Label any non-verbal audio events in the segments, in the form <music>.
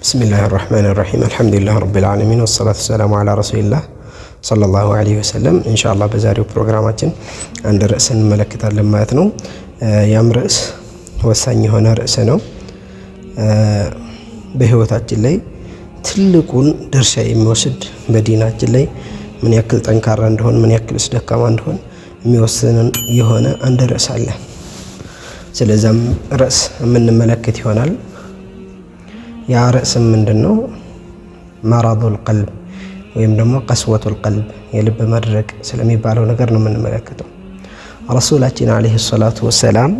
ብስሚላህ ራህማን ራሂም አልሐምዱሊላህ ረቢል ዓለሚን ወሰላቱ ወሰላሙ አላ ረሱሊላህ ሰለላሁ አለይሂ ወሰለም። ኢንሻአላህ በዛሬው ፕሮግራማችን አንድ ርዕስ እንመለከታለን ማለት ነው። ያም ርዕስ ወሳኝ የሆነ ርዕስ ነው። በህይወታችን ላይ ትልቁን ድርሻ የሚወስድ በዲናችን ላይ ምን ያክል ጠንካራ እንደሆን ምን ያክልስ ደካማ እንደሆን የሚወስንን የሆነ አንድ ርዕስ አለ። ስለዚያም ርዕስ የምንመለከት ይሆናል። ያ ርዕስ ምንድን ነው? መረዱል ቀልብ ወይም ደግሞ ቀስወቱል ቀልብ የልብ መድረቅ ስለሚባለው ነገር ነው የምንመለከተው። ረሱላችን ዓለይሂ ሰላቱ ወሰላም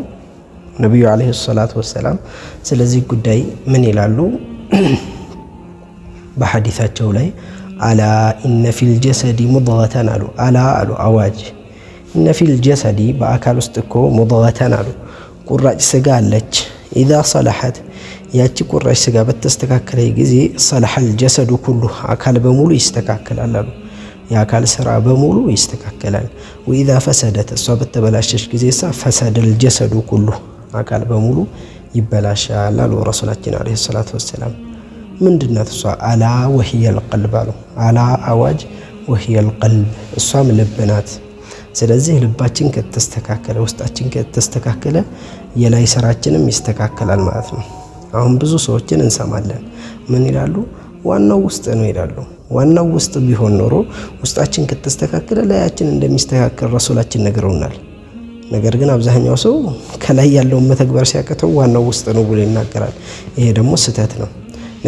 ነቢዩ ዓለይሂ ሰላቱ ወሰላም ስለዚህ ጉዳይ ምን ይላሉ? <clears throat> በሐዲታቸው ላይ አላ ኢነ ፊል ጀሰዲ ሙድገተን አሉ። አላ አሉ አዋጅ እነፊል ጀሰዲ በአካል ውስጥ እኮ ሙድገተን አሉ ቁራጭ ስጋ አለች። ኢዛ ሰላሐት ያቺ ቁራጭ ስጋ በተስተካከለ ጊዜ ሰላሐል ጀሰዱ ኩሉ አካል በሙሉ ይስተካከላል አሉ። የአካል ስራ በሙሉ ይስተካከላል። ወኢዛ ፈሰደት እሷ በተበላሸች ጊዜ ሳ ፈሰደል ጀሰዱ ኩሉ አካል በሙሉ ይበላሻል አሉ ረሱላችን ዓለይሂ ሰላቱ ወሰላም። ምንድናት እሷ? አላ ወህየል ቀልብ አሉ። አላ አዋጅ ወህየል ቀልብ እሷም ልብ ናት። ስለዚህ ልባችን ከተስተካከለ፣ ውስጣችን ከተስተካከለ የላይ ስራችንም ይስተካከላል ማለት ነው። አሁን ብዙ ሰዎችን እንሰማለን። ምን ይላሉ? ዋናው ውስጥ ነው ይላሉ። ዋናው ውስጥ ቢሆን ኖሮ ውስጣችን ከተስተካከለ ላያችን እንደሚስተካከል ረሱላችን ነግረውናል። ነገር ግን አብዛኛው ሰው ከላይ ያለውን መተግበር ሲያቅተው ዋናው ውስጥ ነው ብሎ ይናገራል። ይሄ ደግሞ ስህተት ነው።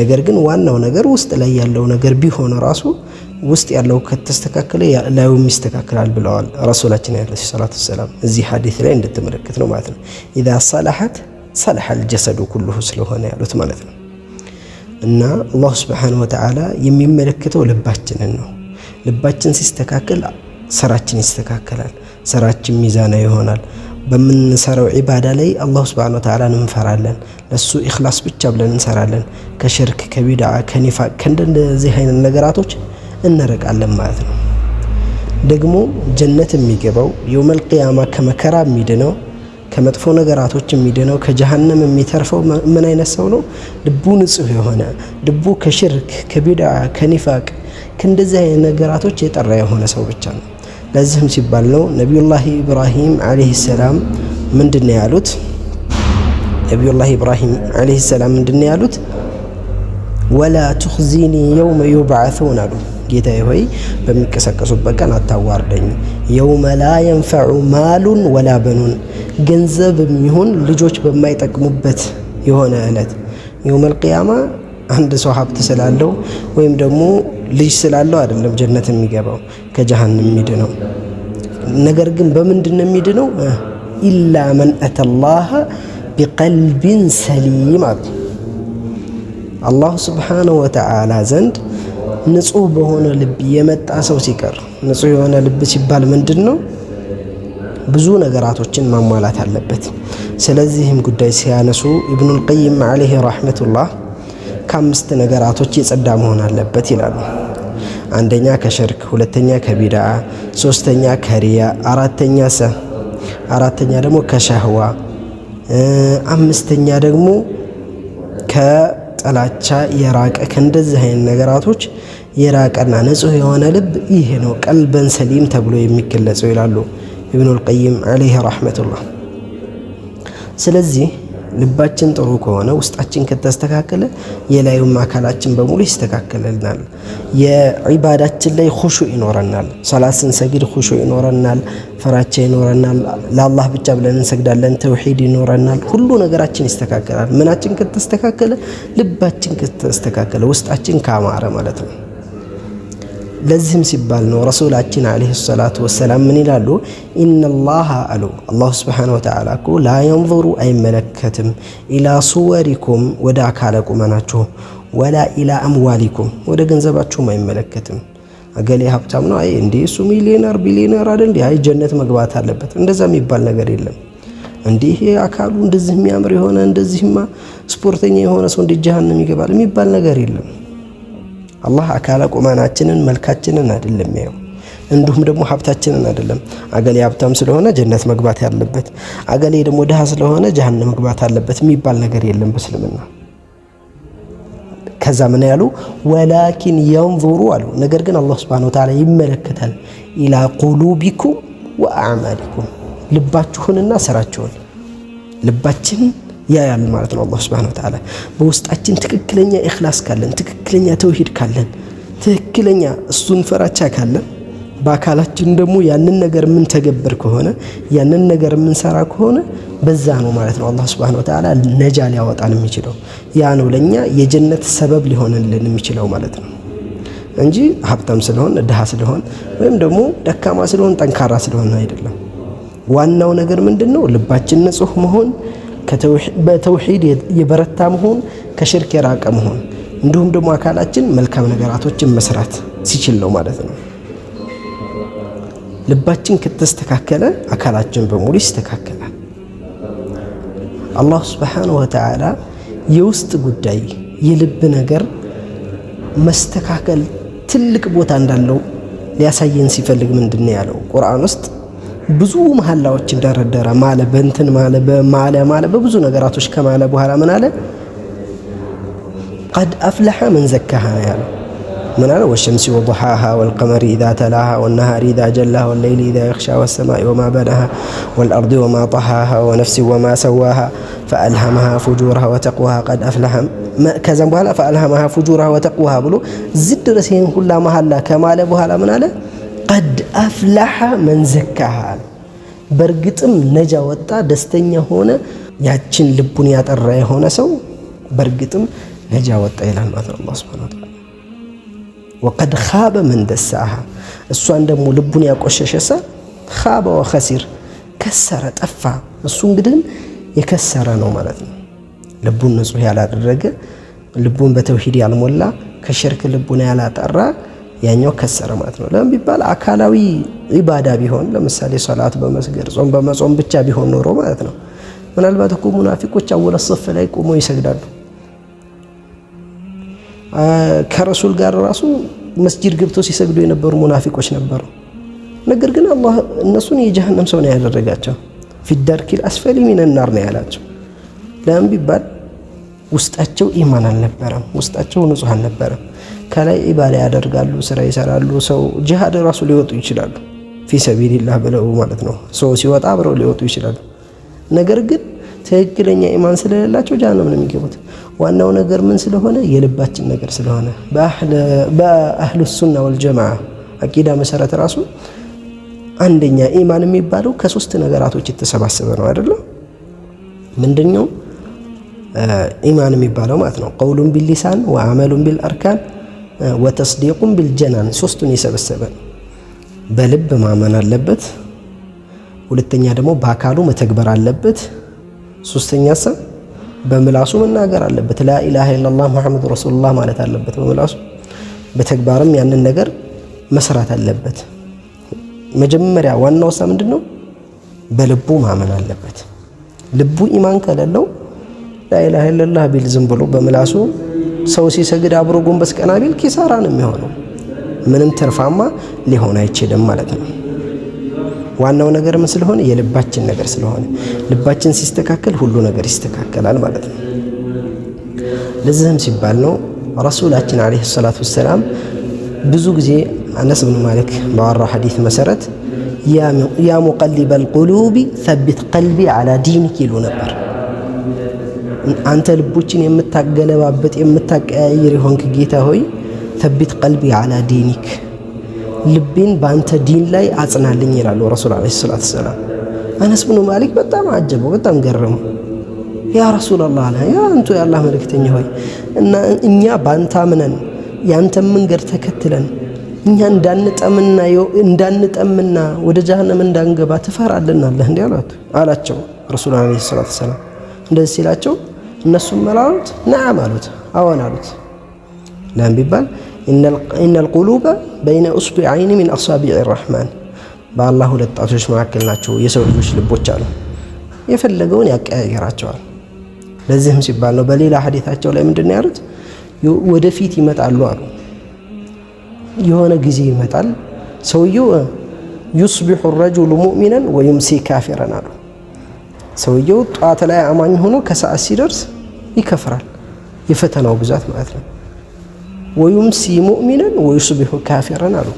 ነገር ግን ዋናው ነገር ውስጥ ላይ ያለው ነገር ቢሆን ራሱ ውስጥ ያለው ከተስተካከለ ላዩም ይስተካከላል ብለዋል ረሱላችን ለ ሰላት ሰላም እዚህ ሀዲት ላይ እንድትመለከት ነው ማለት ነው። ኢዛ ሰላሐት ሰላሐል ጀሰዱ ኩልሁ ስለሆነ ያሉት ማለት ነው። እና አላሁ ስብሓነሁ ወተዓላ የሚመለከተው ልባችንን ነው። ልባችን ሲስተካከል ስራችን ይስተካከላል። ስራችን ሚዛና ይሆናል። በምንሰራው ዒባዳ ላይ አላሁ ስብሓነሁ ወተዓላን እንፈራለን። ለሱ ኢኽላስ ብቻ ብለን እንሰራለን። ከሽርክ ከቢድዓ ከኒፋቅ ከእንደዚህ አይነት ነገራቶች እናረቃለን ማለት ነው። ደግሞ ጀነት የሚገባው የውመል ቂያማ ከመከራ የሚድነው ከመጥፎ ነገራቶች የሚድነው ከጀሃነም የሚተርፈው ምን አይነት ሰው ነው? ልቡ ንጹህ የሆነ ልቡ ከሽርክ ከቢድዓ ከኒፋቅ ከእንደዚህ አይነት ነገራቶች የጠራ የሆነ ሰው ብቻ ነው። ለዚህም ሲባል ነው ነቢዩላህ ኢብራሂም ዓለይሂ ሰላም ምንድን ያሉት? ነቢዩላህ ኢብራሂም ዓለይሂ ሰላም ምንድን ያሉት? ወላ ቱኽዚኒ የውመ ዩብዓቱን አሉ ጌታዬ ሆይ በሚቀሰቀሱበት ቀን አታዋርደኝ። የውመ ላ የንፈዑ ማሉን ወላ በኑን ገንዘብ የሚሆን ልጆች በማይጠቅሙበት የሆነ እለት የውመል ቂያማ አንድ ሰው ሀብት ስላለው ወይም ደግሞ ልጅ ስላለው አይደለም ጀነት የሚገባው ከጀሃንም የሚድነው። ነገር ግን በምንድን ነው የሚድነው? ኢላ መን አተላህ ቢቀልቢን ሰሊም አሉ አላሁ ስብሓነሁ ወተዓላ ዘንድ ንጹህ በሆነ ልብ የመጣ ሰው ሲቀር ንጹህ የሆነ ልብ ሲባል ምንድን ነው? ብዙ ነገራቶችን ማሟላት አለበት። ስለዚህም ጉዳይ ሲያነሱ ኢብኑል ቀይም አለይሂ ረሕመቱላህ ከአምስት ነገራቶች የጸዳ መሆን አለበት ይላሉ። አንደኛ ከሸርክ፣ ሁለተኛ ከቢድዓ፣ ሶስተኛ ከሪያ፣ አራተኛ ሰ አራተኛ ደግሞ ከሸህዋ፣ አምስተኛ ደግሞ ከጥላቻ የራቀ ከእንደዚህ አይነት ነገራቶች የራቀና ንጹህ የሆነ ልብ ይህ ነው ቀልበን ሰሊም ተብሎ የሚገለጸው ይላሉ ኢብኑል ቀይም ዓለይህ ረሕመቱላህ። ስለዚህ ልባችን ጥሩ ከሆነ ውስጣችን ከተስተካከለ የላዩም አካላችን በሙሉ ይስተካከልልናል። የዒባዳችን ላይ ሁሹ ይኖረናል። ሰላት ስንሰግድ ሁሹ ይኖረናል። ፈራቻ ይኖረናል። ለአላህ ብቻ ብለን እንሰግዳለን። ተውሂድ ይኖረናል። ሁሉ ነገራችን ይስተካከላል። ምናችን ከተስተካከለ፣ ልባችን ከተስተካከለ፣ ውስጣችን ካማረ ማለት ነው። ለዚህም ሲባል ነው ረሱላችን ዓለይሂ ሰላቱ ወሰላም ምን ይላሉ? ኢነላሃ አሉ አላሁ ስብሓነሁ ወተዓላ እኮ ላ የንظሩ አይመለከትም፣ ኢላ ሱወሪኩም ወደ አካለ ቁመናችሁ፣ ወላ ኢላ አምዋሊኩም ወደ ገንዘባችሁም አይመለከትም እገሌ ሀብታም ነው፣ አይ እንዲህ እሱ ሚሊዮነር ቢሊዮነር አይደል እንዲህ፣ አይ ጀነት መግባት አለበት። እንደዛ የሚባል ነገር የለም። እንዲህ አካሉ እንደዚህ የሚያምር የሆነ እንደዚህማ ስፖርተኛ የሆነ ሰው እንዲህ ጀሃነም ይገባል የሚባል ነገር የለም። አላህ አካለ ቁመናችንን መልካችንን አይደለም ያየው፣ እንዲሁም ደግሞ ሀብታችንን አይደለም። አገሌ ሀብታም ስለሆነ ጀነት መግባት ያለበት፣ አገሌ ደግሞ ድሃ ስለሆነ ጀሃነም መግባት አለበት የሚባል ነገር የለም በእስልምና ከዛ ምን ያሉ ወላኪን የንዙሩ አሉ ነገር ግን አላህ ሱብሓነሁ ወተዓላ ይመለከታል። ኢላ ቁሉቢኩም ወአዕማሊኩም ልባችሁንና ስራችሁን ልባችን ያያል ማለት ነው። አላህ ሱብሓነሁ ወተዓላ በውስጣችን ትክክለኛ ኢኽላስ ካለን፣ ትክክለኛ ተውሂድ ካለን፣ ትክክለኛ እሱን ፈራቻ ካለን በአካላችን ደግሞ ያንን ነገር ተገብር ከሆነ ያንን ነገር ሰራ ከሆነ በዛ ነው ማለት ነው አላህ ሱብሃነሁ ወተዓላ ነጃ ሊያወጣን የሚችለው ያ ነው ለኛ የጀነት ሰበብ ሊሆንልን የሚችለው ማለት ነው እንጂ ሀብታም ስለሆን ድሃ ስለሆን ወይም ደግሞ ደካማ ስለሆን ጠንካራ ስለሆን አይደለም። ዋናው ነገር ምንድን ነው? ልባችን ንጹህ መሆን፣ በተውሂድ የበረታ መሆን፣ ከሽርክ የራቀ መሆን እንዲሁም ደግሞ አካላችን መልካም ነገራቶችን መስራት ሲችል ነው ማለት ነው። ልባችን ከተስተካከለ አካላችን በሙሉ ይስተካከላል። አላህ ስብሓነሁ ወተዓላ የውስጥ ጉዳይ የልብ ነገር መስተካከል ትልቅ ቦታ እንዳለው ሊያሳየን ሲፈልግ ምንድን ያለው? ቁርአን ውስጥ ብዙ መሀላዎች እንደረደረ ማለ በእንትን ማለ በማለ ማለ በብዙ ነገራቶች ከማለ በኋላ ምን አለ? ቀድ አፍለሐ መን ዘካሃ ያለው። ምን አለ? ወሸምሲ ወضሓሃ ወልቀመሪ ኢዛ ተላሃ ወነሃሪ ኢዛ ጀላሃ ወለይሊ ኢዛ የኽሻ ወሰማኢ ወማ በናሃ ወልአርድ ወማ ጠሃሃ ወነፍሲ ወማ ሰዋሃ ፈአልሃመሃ ፉጁርሃ ወተቅዋሃ ቀድ አፍለሃ። ከዛም በኋላ ፈአልሃመሃ ፉጁርሃ ወተቅዋሃ ብሎ እዚህ ድረስ ይህን ሁላ መሀላ ከማለ በኋላ ምን አለ? ቀድ አፍላሐ መንዘካሃ በእርግጥም ነጃ ወጣ፣ ደስተኛ ሆነ። ያችን ልቡን ያጠራ የሆነ ሰው በእርግጥም ነጃ ወጣ ይላል ማለት ነው አላህ ወቀድ ኻበ መንደሳሃ እሷን ደግሞ ልቡን ያቆሸሸ ሰ ኻበ ወኸሲር ከሰረ፣ ጠፋ። እሱ እንግዲህ የከሰረ ነው ማለት ነው። ልቡን ንጹህ ያላደረገ ልቡን በተውሂድ ያልሞላ ከሽርክ ልቡን ያላጠራ ያኛው ከሰረ ማለት ነው። ለምን ቢባል አካላዊ ኢባዳ ቢሆን ለምሳሌ ሰላት በመስገድ ጾም በመጾም ብቻ ቢሆን ኖሮ ማለት ነው። ምናልባት እኮ ሙናፊቆች አወለ ሰፍ ላይ ቆመው ይሰግዳሉ። ከረሱል ጋር ራሱ መስጂድ ገብተው ሲሰግዱ የነበሩ ሙናፊቆች ነበሩ። ነገር ግን አላህ እነሱን የጀሃነም ሰው ነው ያደረጋቸው። ፊዳርኪል አስፈሊ ሚነናር ነው ያላቸው። ለምን ቢባል ውስጣቸው ኢማን አልነበረም፣ ውስጣቸው ንጹህ አልነበረም። ከላይ ኢባዳ ያደርጋሉ፣ ስራ ይሰራሉ፣ ሰው ጅሃድ ራሱ ሊወጡ ይችላሉ። ፊሰቢልላህ ብለው ማለት ነው። ሰው ሲወጣ አብረው ሊወጡ ይችላሉ። ነገር ግን ትክክለኛ ኢማን ስለሌላቸው ጀሃነም ነው የሚገቡት። ዋናው ነገር ምን ስለሆነ የልባችን ነገር ስለሆነ በአህሉ ሱና ወልጀማ አቂዳ መሰረት ራሱ አንደኛ ኢማን የሚባለው ከሶስት ነገራቶች የተሰባሰበ ነው አይደለም። ምንድነው ኢማን የሚባለው ማለት ነው? ቀውሉን ቢሊሳን ወአመሉን ቢልአርካን ወተስዲቁን ቢልጀናን ሶስቱን የሰበሰበ ነው። በልብ ማመን አለበት። ሁለተኛ ደግሞ በአካሉ መተግበር አለበት። ሶስተኛ በምላሱ መናገር አለበት። ላኢላሃ ኢለላህ ሙሐመድ ረሱሉላህ ማለት አለበት በምላሱ በተግባርም ያንን ነገር መስራት አለበት። መጀመሪያ ዋናው ሳ ምንድን ነው? በልቡ ማመን አለበት። ልቡ ኢማን ከሌለው ላኢላሃ ኢለላህ ቢል ዝም ብሎ በምላሱ ሰው ሲሰግድ አብሮ ጎንበስ ቀና ቢል ኪሳራ ነው የሚሆነው። ምንም ትርፋማ ሊሆን አይችልም ማለት ነው። ዋናው ነገር ምን ስለሆነ የልባችን ነገር ስለሆነ ልባችን ሲስተካከል ሁሉ ነገር ይስተካከላል ማለት ነው። ለዚህም ሲባል ነው ረሱላችን ዓለይሂ ሰላቱ ወሰላም ብዙ ጊዜ አነስ ብን ማሊክ ባወራው ሐዲት መሰረት ያ ሙቀሊበል ቁሉቢ ሰቢት ቀልቢ አላ ዲኒክ ይሉ ነበር። አንተ ልቦችን የምታገለባበት የምታቀያይር የሆንክ ጌታ ሆይ ሰቢት ቀልቢ አላ ዲኒክ ልቤን በአንተ ዲን ላይ አጽናልኝ ይላሉ ረሱል ዓለይሂ ሰላቱ ወሰላም። አነስ ብኑ ማሊክ በጣም አጀበው፣ በጣም ገረመው። ያ ረሱላላህ አለ ያ አንቱ የአላህ መልእክተኛ ሆይ እና እኛ ባንተ አምነን ያንተን መንገድ ተከትለን እኛ እንዳንጠምና እንዳንጠምና ወደ ጀሃነም እንዳንገባ ትፈራልናለህ እንዲ አላት አላቸው ረሱል ዓለይሂ ሰላቱ ወሰላም። እንደዚህ ሲላቸው እነሱም መላሉት ነዓም አሉት አዎን አሉት። ለምን ቢባል ኢነል ቁሉበ በይነ ኡስቢዐይኒ ሚን አሳቢዕ ረሕማን በአላህ ሁለት ጣቶች መካከል ናቸው የሰው ልጆች ልቦች አሉ። የፈለገውን ያቀያይራቸዋል ለዚህም ሲባል ነው በሌላ ሀዲታቸው ላይ ምንድን ያሉት ወደፊት ይመጣሉ አሉ። የሆነ ጊዜ ይመጣል ሰውየው ዩስቢሑ ረጁሉ ሙእሚናን ወዩምሲ ካፊረን አሉ። ሰውየው ጠዋት ላይ አማኝ ሆኖ ከሰዓት ሲደርስ ይከፍራል። የፈተናው ብዛት ማለት ነው። ወዩምሲ ሙእሚነን ወዩስቢሑ ካፊረን አሉ።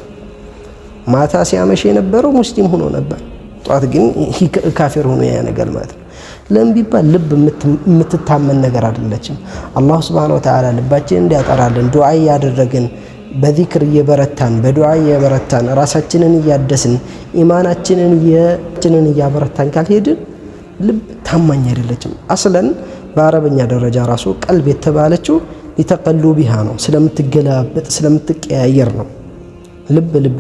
ማታ ሲያመሽ የነበረው ሙስሊም ሆኖ ነበር፣ ጧት ግን ካፊር ሆኖ ያነጋል ማለት ነው። ለምን ቢባል ልብ የምትታመን ነገር አይደለችም። አላሁ ስብሓነሁ ወተዓላ ልባችን እንዲያጠራልን ዱዓ እያደረግን በዚክር እየበረታን በዱዓ እየበረታን ራሳችንን እያደስን ኢማናችንን የችንን እያበረታን ካልሄድን ልብ ታማኝ አይደለችም። አስለን በአረበኛ ደረጃ ራሱ ቀልብ የተባለችው ሊተቀሉ ቢሃ ነው፣ ስለምትገላበጥ ስለምትቀያየር ነው። ልብ ልብ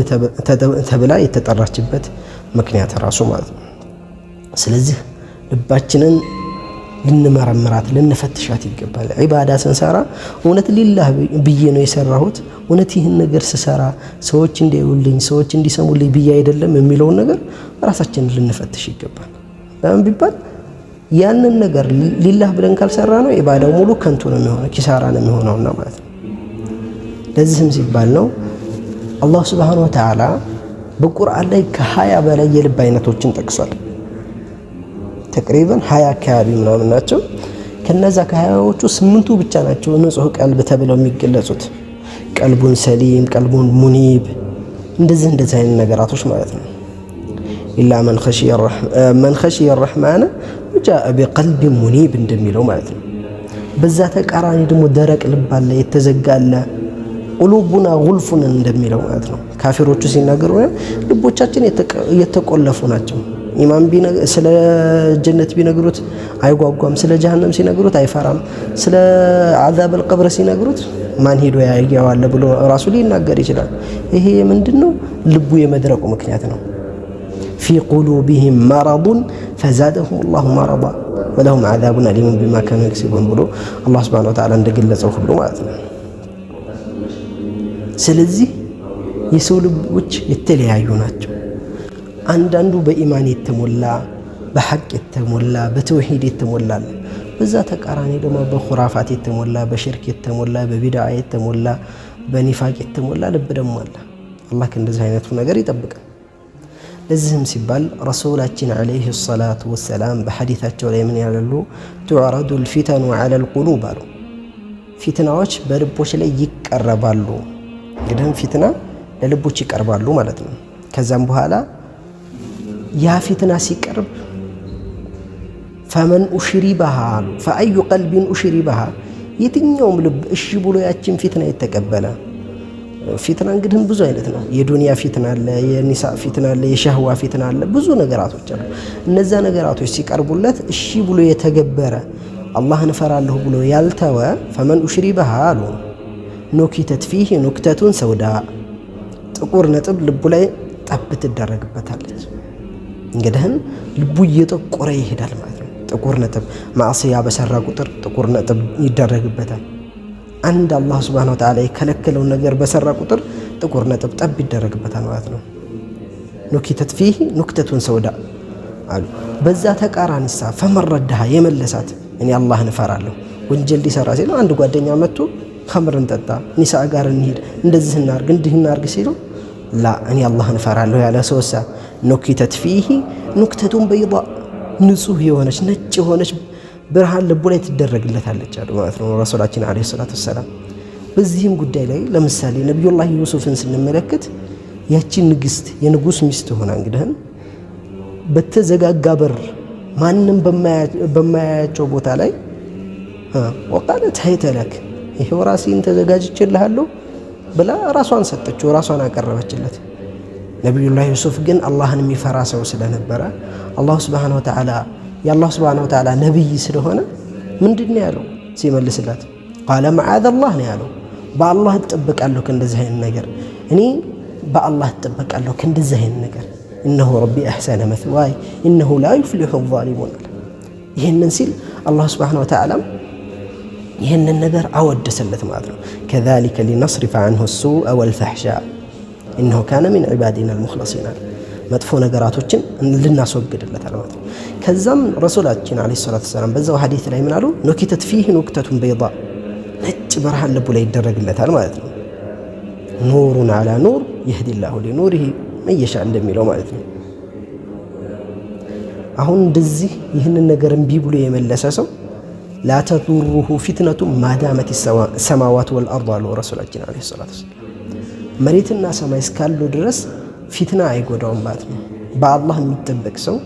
ተብላ የተጠራችበት ምክንያት ራሱ ማለት ነው። ስለዚህ ልባችንን ልንመረምራት ልንፈትሻት ይገባል። ዒባዳ ስንሰራ እውነት ሊላህ ብዬ ነው የሰራሁት፣ እውነት ይህን ነገር ስሰራ ሰዎች እንዲያዩልኝ ሰዎች እንዲሰሙልኝ ብዬ አይደለም የሚለውን ነገር ራሳችንን ልንፈትሽ ይገባል። ለምን ቢባል ያንን ነገር ሊላህ ብለን ካልሰራ ነው ኢባዳው ሙሉ ከንቱ ነው የሚሆነው፣ ኪሳራ ነው የሚሆነውና ማለት ነው። ለዚህም ሲባል ነው አላህ ስብሓነሁ ወተዓላ በቁርአን ላይ ከሀያ በላይ የልብ አይነቶችን ጠቅሷል። ተቅሪበን ሀያ አካባቢ ምናምን ናቸው። ከነዛ ከሀያዎቹ ስምንቱ ብቻ ናቸው ንጹህ ቀልብ ተብለው የሚገለጹት ቀልቡን ሰሊም፣ ቀልቡን ሙኒብ እንደዚህ እንደዚህ አይነት ነገራቶች ማለት ነው። ኢላ መን ኸሽየ ረሕማነ ወጃአ ቢቀልቢ ሙኒብ እንደሚለው ማለት ነው። በዛ ተቃራኒ ደግሞ ደረቅ ልብ አለ፣ የተዘጋ አለ። ቁሉቡና ጉልፉን እንደሚለው ማለት ነው። ካፊሮቹ ሲናገሩ ልቦቻችን የተቆለፉ ናቸው። ኢማም ስለ ጀነት ቢነግሩት አይጓጓም። ስለ ጀሃነም ሲነግሩት አይፈራም። ስለ አዛብ አልቀብር ሲነግሩት ማን ሄዶ ያየዋለ ብሎ ራሱ ሊናገር ይችላል። ይሄ ምንድን ነው? ልቡ የመድረቁ ምክንያት ነው። ፊ ቁሉብህም መረቡን ፈዛደሁም ላሁ መረዳ ወለሁም ዓዛቡን አሊሙን ቢማ ካኑ የክሲቡን ብሎ አላህ ሱብሓነሁ ወተዓላ እንደገለጸው ሁሉ ማለት ነው። ስለዚህ የሰው ልቦች የተለያዩ ናቸው። አንዳንዱ በኢማን የተሞላ በሐቅ የተሞላ በተውሂድ የተሞላ በዛ ተቃራኒ ደግሞ በኹራፋት የተሞላ በሽርክ የተሞላ በቢድዓ የተሞላ በኒፋቅ የተሞላ ልብ ደግሞ አለ። አላህ ከእንደዚህ አይነቱ ነገር ይጠብቃል። ለዚህም ሲባል ረሱላችን ዓለይሂ ሰላቱ ወሰላም በሐዲታቸው ላይ ምን ያላሉ? ቱዕረዱ ልፊተኑ ዓላ ልቁሉብ አሉ። ፊትናዎች በልቦች ላይ ይቀረባሉ። እንግዲህም ፊትና ለልቦች ይቀርባሉ ማለት ነው። ከዛም በኋላ ያ ፊትና ሲቀርብ ፈመን ኡሽሪባሃ አሉ። ፈአዩ ቀልቢን ኡሽሪበሃ የትኛውም ልብ እሺ ብሎ ያችን ፊትና የተቀበለ ፊትና እንግዲህ ብዙ አይነት ነው። የዱንያ ፊትና አለ፣ የኒሳ ፊትና አለ፣ የሻህዋ ፊትና አለ። ብዙ ነገራቶች አሉ። እነዛ ነገራቶች ሲቀርቡለት እሺ ብሎ የተገበረ አላህን እፈራለሁ ብሎ ያልተወ ፈመን ሽሪ ባሃ አሉ ኖኪተት ፊህ ኑክተቱን ሰውዳ ጥቁር ነጥብ ልቡ ላይ ጠብ ትደረግበታለች። እንግዲህም ልቡ እየጠቆረ ይሄዳል ማለት ነው። ጥቁር ነጥብ ማዕስያ በሰራ ቁጥር ጥቁር ነጥብ ይደረግበታል። አንድ አላህ ሱብሃነሁ ወተዓላ የከለከለውን ነገር በሰራ ቁጥር ጥቁር ነጥብ ጠብ ይደረግበታል ማለት ነው። ኑኪተት ፊህ ኑክተቱን ሰውዳ አሉ። በዛ ተቃራኒሳ ፈመረዳሃ የመለሳት እኔ አላህን እፈራለሁ ወንጀል ሊሰራ ሲለው አንድ ጓደኛ መጥቶ ከምር እንጠጣ፣ ኒሳ ጋር እንሂድ፣ እንደዚህ እናርግ፣ እንዲህ እናርግ ሲለው ላ እኔ አላህን እፈራለሁ ያለ ሰውሳ ኑኪተት ፊህ ኑክተቱን በይዳ ንጹህ የሆነች ነጭ የሆነች ብርሃን ላይ ትደረግለታለች አሉ ማለት ነው ረሱላችን ዓለይሂ ሰላቱ ወሰላም። በዚህም ጉዳይ ላይ ለምሳሌ ነቢዩላህ ዩሱፍን ስንመለከት ያቺን ንግስት የንጉስ ሚስት ሆና እንግዲህን በተዘጋጋ በር ማንም በማያያቸው ቦታ ላይ ወቃለት ሀይተለክ ይሄው ራሴን ተዘጋጅችልሃለሁ ብላ ራሷን ሰጠችው፣ ራሷን አቀረበችለት። ነቢዩላህ ዩሱፍ ግን አላህን የሚፈራ ሰው ስለነበረ አላሁ ስብሓነሁ ወተዓላ የአላህ ስብሓነሁ ወተዓላ ነቢይ ስለሆነ ምንድን ነው ያለው ሲመልስላት ቃለ መዓዝ አላህ ነው ያለው በአላህ እጠበቃለሁ ከእንደዚህ አይነት ነገር እኔ በአላህ እጠበቃለሁ ከእንደዚህ አይነት ነገር እነሁ ረቢ አሕሰነ መትዋይ እነሁ ላ ዩፍሊሑ ዛሊሙን አለ ይህንን ሲል አላህ ስብሓነሁ ወተዓላም ይህንን ነገር አወደሰለት ማለት ነው ከዛሊከ ሊነስሪፈ አንሁ ሱአ ወልፈሕሻ እነሁ ካነ ሚን ዒባዲና አልሙኽለሲን አለ መጥፎ ነገራቶችን ልናስወግድለታል ማለት ነው። ከዛም ረሱላችን ዓለይሂ ሰላቱ ወሰላም በዛው ሀዲት ላይ ምናሉ ኖኪተት ፊህ ኖክተቱን በይዳ ነጭ በርሃን ልቡ ላይ ይደረግለታል ማለት ነው። ኑሩን አላ ኑር የህዲላሁ ሊኑሪሂ መየሻ እንደሚለው ማለት ነው። አሁን እንደዚህ ይህንን ነገር እምቢ ብሎ የመለሰ ሰው ላተዱሩሁ ፊትነቱ ማዳመት ሰማዋት ወልአርድ አሉ ረሱላችን ዓለይሂ ሰላቱ ወሰላም መሬትና ሰማይ እስካሉ ድረስ ፊትና አይጎዳውም ማለት ነው። በአላህ የሚጠበቅ ሰው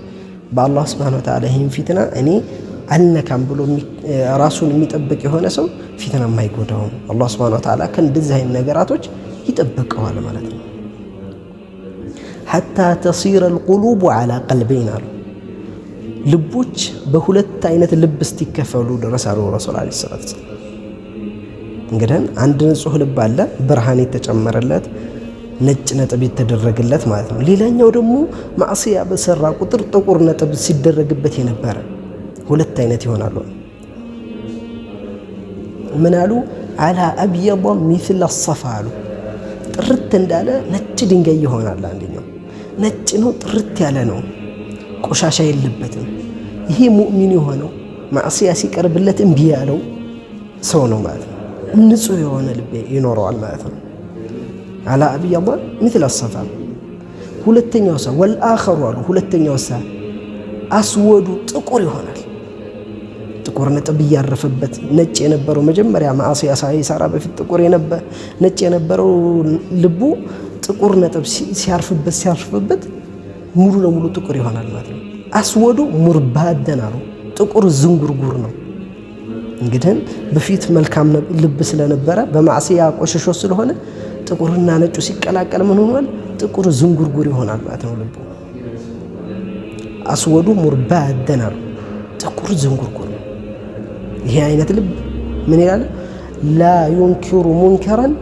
በአላህ ስብሃነ ወተዓላ ይህን ፊትና እኔ አልነካም ብሎ ራሱን የሚጠብቅ የሆነ ሰው ፊትና የማይጎዳውም አላህ ስብሃነ ወተዓላ ከእንደዚህ አይነት ነገራቶች ይጠብቀዋል ማለት ነው። ሐታ ተሲረ ልቁሉቡ ዓላ ቀልበይን አሉ ልቦች በሁለት አይነት ልብ እስቲከፈሉ ድረስ አሉ ረሱል ዓለይሂ ሰላቱ ወሰላም። እንግዲህ አንድ ንጹህ ልብ አለ ብርሃን የተጨመረለት ነጭ ነጥብ የተደረገለት ማለት ነው። ሌላኛው ደግሞ ማዕስያ በሰራ ቁጥር ጥቁር ነጥብ ሲደረግበት የነበረ ሁለት አይነት ይሆናሉ። ምን አሉ? አላ አብየض ሚስል አሰፋ አሉ። ጥርት እንዳለ ነጭ ድንጋይ ይሆናል። አንደኛው ነጭ ነው፣ ጥርት ያለ ነው፣ ቆሻሻ የለበትም። ይሄ ሙእሚን የሆነው ማዕስያ ሲቀርብለት እምቢ ያለው ሰው ነው ማለት ነው። ንጹህ የሆነ ልብ ይኖረዋል ማለት ነው። አላ አብይ አላህ ሚትል አሰፋ ሁለተኛው ሳ ወልአኸሩ አሉ ሁለተኛው ሳ አስወዱ ጥቁር ይሆናል። ጥቁር ነጥብ እያረፈበት ነጭ የነበረው መጀመሪያ ማዕሲያ ሳይሰራ በፊት ጥቁር የነበረ ነጭ የነበረው ልቡ ጥቁር ነጥብ ሲያርፍበት ሲያርፍበት ሙሉ ለሙሉ ጥቁር ይሆናል ማለት ነው። አስወዱ ሙርባደን አሉ ጥቁር ዝንጉርጉር ነው። እንግዲህ በፊት መልካም ልብ ስለነበረ በማዕሲያ ቆሸሾ ስለሆነ ጥቁርና ነጩ ሲቀላቀል ምን ሆኗል? ጥቁር ዝንጉርጉር ይሆናል ማለት ነው። ልቡ አስወዱ ሙርባ አሉ። ጥቁር ዝንጉርጉር። ይሄ አይነት ልብ ምን ይላል? ላ ዩንኪሩ ሙንከረን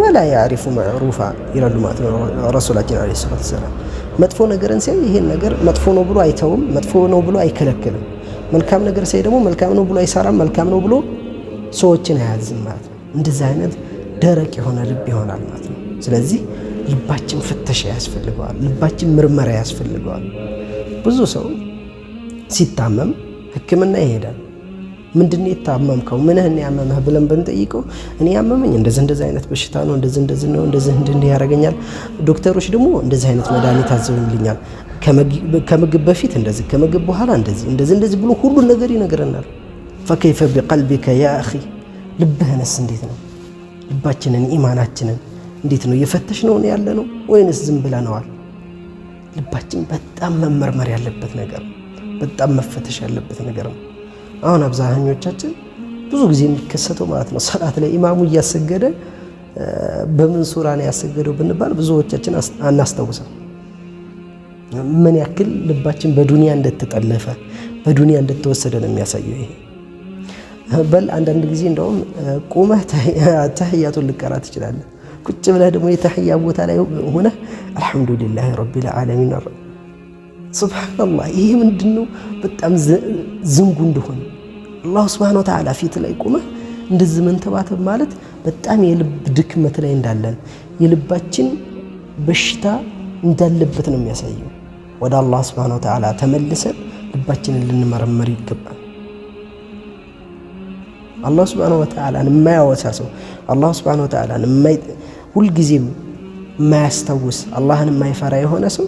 ወላ ያሪፉ መዕሩፋ ይላሉ ማለት ነው ረሱላችን ዓለይሂ ሰላቱ ወሰላም። መጥፎ ነገርን ሲያይ ይሄን ነገር መጥፎ ነው ብሎ አይተውም፣ መጥፎ ነው ብሎ አይከለክልም። መልካም ነገር ሲያይ ደግሞ መልካም ነው ብሎ አይሰራም፣ መልካም ነው ብሎ ሰዎችን አያዝም ማለት ነው። እንደዚህ አይነት ደረቅ የሆነ ልብ ይሆናል ማለት ነው። ስለዚህ ልባችን ፍተሻ ያስፈልገዋል። ልባችን ምርመራ ያስፈልገዋል። ብዙ ሰው ሲታመም ሕክምና ይሄዳል። ምንድን የታመምከው ምንህን ያመመህ ብለን ብንጠይቀው እኔ ያመመኝ እንደዚህ እንደዚህ አይነት በሽታ ነው፣ እንደዚህ እንደዚህ ነው፣ እንደዚህ እንደዚህ ያደርገኛል። ዶክተሮች ደግሞ እንደዚህ አይነት መድኃኒት አዘውልኛል፣ ከምግብ በፊት እንደዚህ፣ ከምግብ በኋላ እንደዚህ እንደዚህ እንደዚህ ብሎ ሁሉን ነገር ይነግረናል። ፈከይፈ ቢቀልቢከ ያ አኺ ልብህንስ እንዴት ነው? ልባችንን ኢማናችንን እንዴት ነው እየፈተሽ ነው ያለ ነው ወይንስ ዝም ብለነዋል? ልባችን በጣም መመርመር ያለበት ነገር ነው። በጣም መፈተሽ ያለበት ነገር ነው። አሁን አብዛኞቻችን ብዙ ጊዜ የሚከሰተው ማለት ነው ሰላት ላይ ኢማሙ እያሰገደ በምን ሱራ ነው ያሰገደው ብንባል ብዙዎቻችን አናስታውሰም። ምን ያክል ልባችን በዱንያ እንደተጠለፈ በዱንያ እንደተወሰደ ነው የሚያሳየው ይሄ በል አንዳንድ ጊዜ እንደውም ቁመህ ተህያቱን ልቀራ ትችላለህ። ቁጭ ብለህ ደግሞ የተህያ ቦታ ላይ ሆነህ አልሐምዱሊላህ ረቢል ዓለሚን ሱብሓነላህ። ይሄ ምንድን ነው? በጣም ዝንጉ እንደሆነ አላሁ ስብሓነ ወተዓላ ፊት ላይ ቁመህ እንደዚህ መንተባተብ ማለት በጣም የልብ ድክመት ላይ እንዳለን የልባችን በሽታ እንዳለበት ነው የሚያሳየው። ወደ አላህ ስብሓነ ወተዓላ ተመልሰን ልባችንን ልንመረመር ይገባል። አላህ ስብሃነ ወተዓላን የማያወሳ ሰው አላህ ስብሃነ ወተዓላን ሁልጊዜም የማያስታውስ አላህን የማይፈራ የሆነ ሰው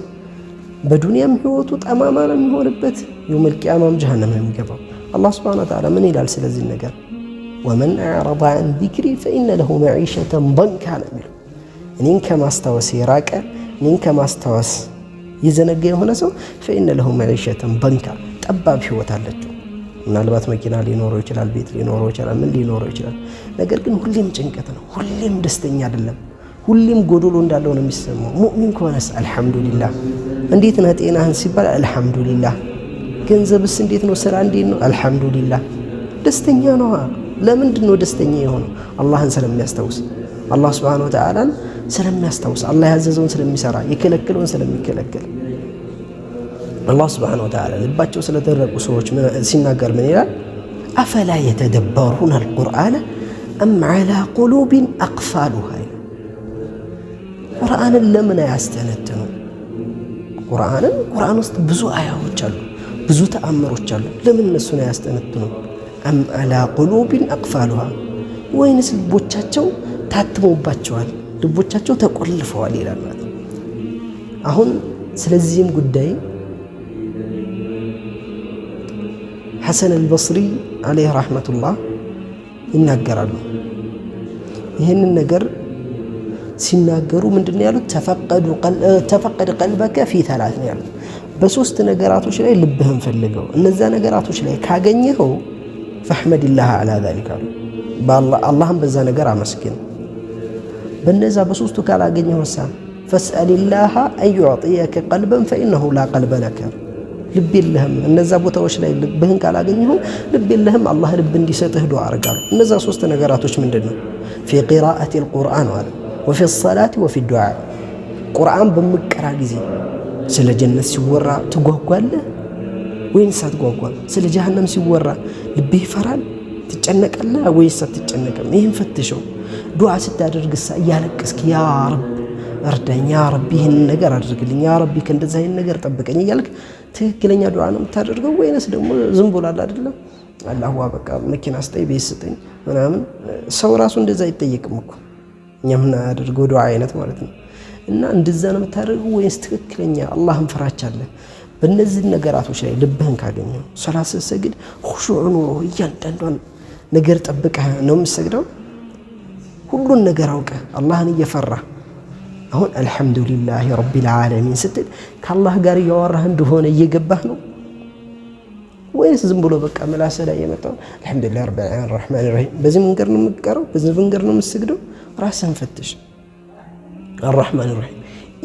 በዱንያም ህይወቱ ጠማማ ነው የሚሆንበት፣ የውመል ቂያማም ጀሃነም ነው የሚገባው። አላህ ስብሃነ ወተዓላ ምን ይላል ስለዚህ ነገር? ወመን አዕረዳ አን ዚክሪ ፈኢነ ለሁ መዒሸተን ደንካ ነው የሚለው። እኔን ከማስታወስ የራቀ እኔን ከማስታወስ የዘነጋ የሆነ ሰው ፈኢነ ለሁ መዒሸተን ደንካ፣ ጠባብ ህይወት አለችው። ምናልባት መኪና ሊኖረው ይችላል፣ ቤት ሊኖረው ይችላል፣ ምን ሊኖረው ይችላል። ነገር ግን ሁሌም ጭንቀት ነው። ሁሌም ደስተኛ አይደለም። ሁሌም ጎዶሎ እንዳለው ነው የሚሰማው። ሙእሚን ከሆነስ አልሐምዱሊላህ። እንዴት ነህ ጤናህን ሲባል አልሐምዱሊላህ። ገንዘብስ እንዴት ነው? ስራ እንዴት ነው? አልሐምዱሊላህ። ደስተኛ ነው ለምንድን ነው ደስተኛ የሆነው? አላህን ስለሚያስታውስ አላህ ስብሓነሁ ወተዓላን ስለሚያስታውስ አላህ ያዘዘውን ስለሚሰራ የከለከለውን ስለሚከለከል አላህ ስብሐነሁ ወተዓላ ልባቸው ስለደረቁ ሰዎች ሲናገር ምን ይላል? አፈላ የተደበሩን አልቁርአነ አም ዐላ ቁሉቢን አቅፋሉሃ። ቁርአንን ለምን አያስተነትኑ? ቁርአንን ቁርአን ውስጥ ብዙ አያዎች አሉ፣ ብዙ ተአምሮች አሉ። ለምን እነሱን አያስተነትኑ? አም ዐላ ቁሉቢን አቅፋሉሃ፣ ወይንስ ልቦቻቸው ታትሞባቸዋል፣ ልቦቻቸው ተቆልፈዋል ይላል ማለት አሁን ስለዚህም ጉዳይ ሐሰን አልበስሪ አለይህ ራህመቱላህ ይናገራሉ። ይህንን ነገር ሲናገሩ ምንድን ያሉት ተፈቀድ ቀልበከ ፊ ተላት ነው ያሉት። በሶስት ነገራቶች ላይ ልብህን ፈልገው፣ እነዛ ነገራቶች ላይ ካገኘኸው ፈሐመድላህ አላ ዛሊክ አሉ። አላህም በዛ ነገር አመስግን። በነዛ በሶስቱ ካላገኘኸው ሳ ፈስአልላህ አን ዩዕጥየከ ቀልበን ፈኢነሁ ላ ቀልበ ለከ ልብ የለህም። እነዛ ቦታዎች ላይ ልብህን ካላገኘሁ ልብ የለህም። አላህ ልብ እንዲሰጥህ ዱዓ አርጋሉ። እነዛ ሶስት ነገራቶች ምንድን ነው? ፊ ቂራአት ልቁርአን አለ ወፊ ሰላት ወፊ ዱዓ። ቁርአን በምቀራ ጊዜ ስለ ጀነት ሲወራ ትጓጓለህ ወይንስ አትጓጓም? ስለ ጀሃነም ሲወራ ልብህ ይፈራል ትጨነቃለህ ወይስ አትጨነቅም? ይህን ፈትሸው። ዱዓ ስታደርግሳ እያለቀስክ ያ ረብ እርዳኝ፣ ያ ረቢ ይህን ነገር አድርግልኝ፣ ያ ረቢ ከእንደዚህ አይነት ነገር ጠብቀኝ እያልክ ትክክለኛ ዱዓ ነው የምታደርገው ወይንስ ደግሞ ዝም ብሏል አይደለም አላህዋ በቃ መኪና ስጠኝ ቤት ስጠኝ ምናምን ሰው ራሱ እንደዛ አይጠየቅም እኮ እኛ የምናደርገው ዱዓ አይነት ማለት ነው። እና እንደዛ ነው የምታደርገው ወይንስ ትክክለኛ አላህን ፍራቻ አለ? በእነዚህ ነገራቶች ላይ ልብህን ካገኘው ሶላት ስትሰግድ ሁሹዕ ኑሮ እያንዳንዷን ነገር ጠብቀህ ነው የምትሰግደው። ሁሉን ነገር አውቀህ አላህን እየፈራ አሁን አልሐምዱሊላህ ረቢል ዓለሚን ስትል ከአላህ ጋር እያወራህ እንደሆነ እየገባህ ነው ወይስ ዝም ብሎ በቃ መላሰ ላይ የመጣው አልሐምዱሊላህ ረቢል ዓለሚን ረሕማን ረሒም፣ በዚህ መንገድ ነው የምትቀረው፣ በዚህ መንገድ ነው የምትስግደው። ራስህን ፈትሽ። አራሕማን ረሒም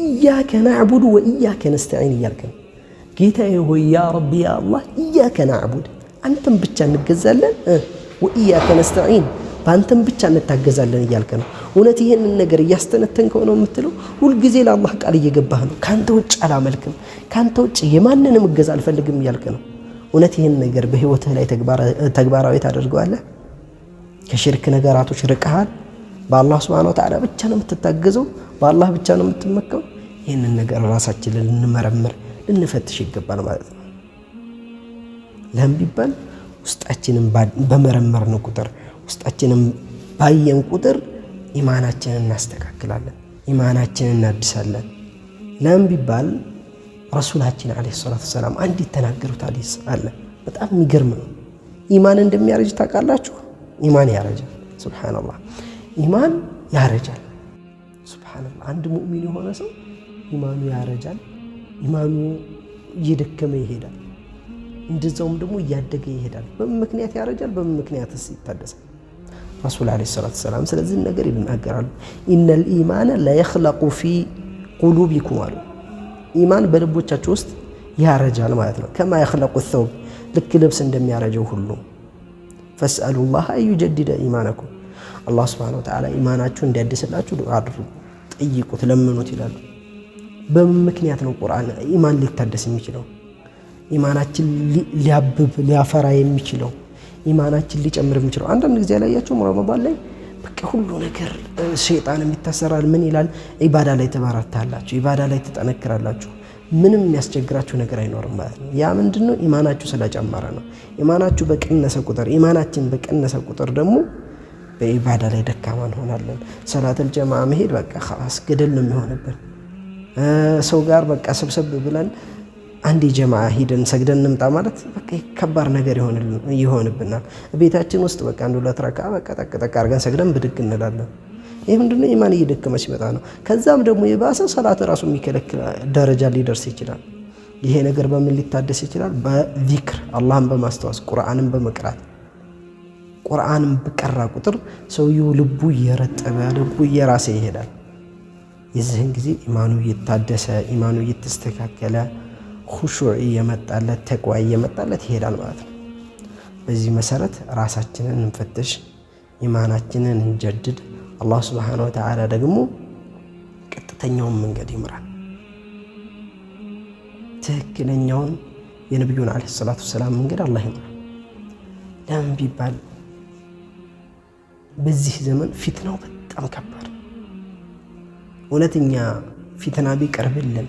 እያከ ናዕቡድ ወእያከ ነስተዒን እያልክ ነው። ጌታዬ ሆይ ያ ረቢ ያ አላህ፣ እያከ ናዕቡድ አንተም ብቻ እንገዛለን፣ ወእያከ ነስተዒን በአንተም ብቻ እንታገዛለን እያልከ ነው። እውነት ይህንን ነገር እያስተነተንከው ነው የምትለው? ሁልጊዜ ለአላህ ቃል እየገባህ ነው። ከአንተ ውጭ አላመልክም፣ ከአንተ ውጭ የማንንም እገዛ አልፈልግም እያልከ ነው። እውነት ይህን ነገር በህይወትህ ላይ ተግባራዊ ታደርገዋለህ? ከሽርክ ነገራቶች ርቀሃል። በአላህ ስብሃነ ወተዓላ ብቻ ነው የምትታገዘው፣ በአላህ ብቻ ነው የምትመካው። ይህንን ነገር ራሳችንን ልንመረምር ልንፈትሽ ይገባል ማለት ነው። ለምን ቢባል ውስጣችንን በመረመርን ቁጥር ውስጣችንም ባየን ቁጥር ኢማናችንን እናስተካክላለን፣ ኢማናችንን እናድሳለን። ለምን ቢባል ረሱላችን ዓለይሂ ሰላቱ ወሰላም አንድ የተናገሩት ሐዲስ አለ። በጣም የሚገርም ነው። ኢማን እንደሚያረጅ ታውቃላችሁ? ኢማን ያረጃል። ሱብሓነላህ፣ ኢማን ያረጃል። ሱብሓነላህ፣ አንድ ሙእሚን የሆነ ሰው ኢማኑ ያረጃል። ኢማኑ እየደከመ ይሄዳል። እንደዛውም ደግሞ እያደገ ይሄዳል። በምን ምክንያት ያረጃል? በምን ምክንያትስ ይታደሳል? ረሱል ዓለይሂ ሰላቱ ወሰላም ስለዚህ ነገር ይናገራሉ። ኢነል ኢማነ ለየኽለቁ ፊ ቁሉቢኩም አሉ። ኢማን በልቦቻቸው ውስጥ ያረጃል ማለት ነው። ከማ የኽለቁ ተውብ ልክ ልብስ እንደሚያረጀው ሁሉ ፈስአሉ ላህ አዩጀዲደ ኢማነኩም አላህ ስብሓነሁ ወተዓላ ኢማናችሁ እንዲያድስላችሁ አድርጉ፣ ጠይቁት፣ ለምኑት ይላሉ። በምን ምክንያት ነው ቁርአን ኢማን ሊታደስ የሚችለው ኢማናችን ሊያብብ ሊያፈራ የሚችለው ኢማናችን ሊጨምር የሚችለው አንዳንድ ጊዜ ያላያቸውም ረመዳን ላይ በቃ ሁሉ ነገር ሸይጣን የሚታሰራል። ምን ይላል? ኢባዳ ላይ ትበረታላችሁ፣ ኢባዳ ላይ ትጠነክራላችሁ። ምንም የሚያስቸግራችሁ ነገር አይኖርም ማለት ነው። ያ ምንድን ነው? ኢማናችሁ ስለጨመረ ነው። ኢማናችሁ በቀነሰ ቁጥር ኢማናችን በቀነሰ ቁጥር ደግሞ በኢባዳ ላይ ደካማ እንሆናለን። ሰላተል ጀማ መሄድ በቃ ገደል ነው የሚሆንብን ሰው ጋር በቃ ሰብሰብ ብለን አንድ የጀማ ሂደን ሰግደን እንምጣ ማለት በቃ ከባድ ነገር ይሆንብናል። ቤታችን ውስጥ በቃ አንድ ሁለት ረካ በቃ ጠቅጠቅ አድርገን ሰግደን ብድግ እንላለን። ይህ ምንድነው? ኢማን እየደከመ ሲመጣ ነው። ከዛም ደግሞ የባሰ ሰላት ራሱ የሚከለክል ደረጃ ሊደርስ ይችላል። ይሄ ነገር በምን ሊታደስ ይችላል? በዚክር አላህን በማስታወስ ቁርአንን በመቅራት ቁርአንን በቀራ ቁጥር ሰውየው ልቡ እየረጠበ ልቡ እየራሰ ይሄዳል። የዚህን ጊዜ ኢማኑ እየታደሰ ኢማኑ እየተስተካከለ ሁሹዕ እየመጣለት ተቋ እየመጣለት ይሄዳል ማለት ነው። በዚህ መሰረት ራሳችንን እንፈትሽ፣ ኢማናችንን እንጀድድ። አላህ ስብሓነ ወተዓላ ደግሞ ቀጥተኛውን መንገድ ይምራል። ትክክለኛውን የነቢዩን ዓለይሂ ሰላቱ ወሰላም መንገድ አላህ ይምራል። ለምን ቢባል በዚህ ዘመን ፊትናው በጣም ከባድ እውነተኛ ፊትና ቢቀርብልን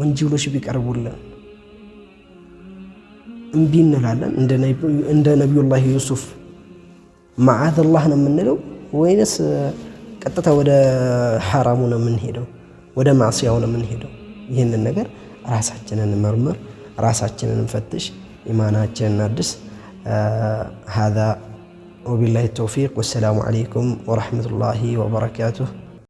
ወንጀሎች ቢቀርቡልን እምቢ እንላለን? እንደ ነቢዩላህ ዩሱፍ መዓዝ ነው የምንለው ወይንስ ቀጥታ ወደ ሐራሙ ነው የምንሄደው? ወደ ማስያው ነው የምንሄደው? ይህንን ነገር ራሳችንን መርምር፣ ራሳችንን ፈትሽ፣ ኢማናችንን አድስ። ሀዛ ወቢላሂ ተውፊቅ። ወሰላሙ ዓለይኩም ወረሕመቱላሂ ወበረካቱሁ።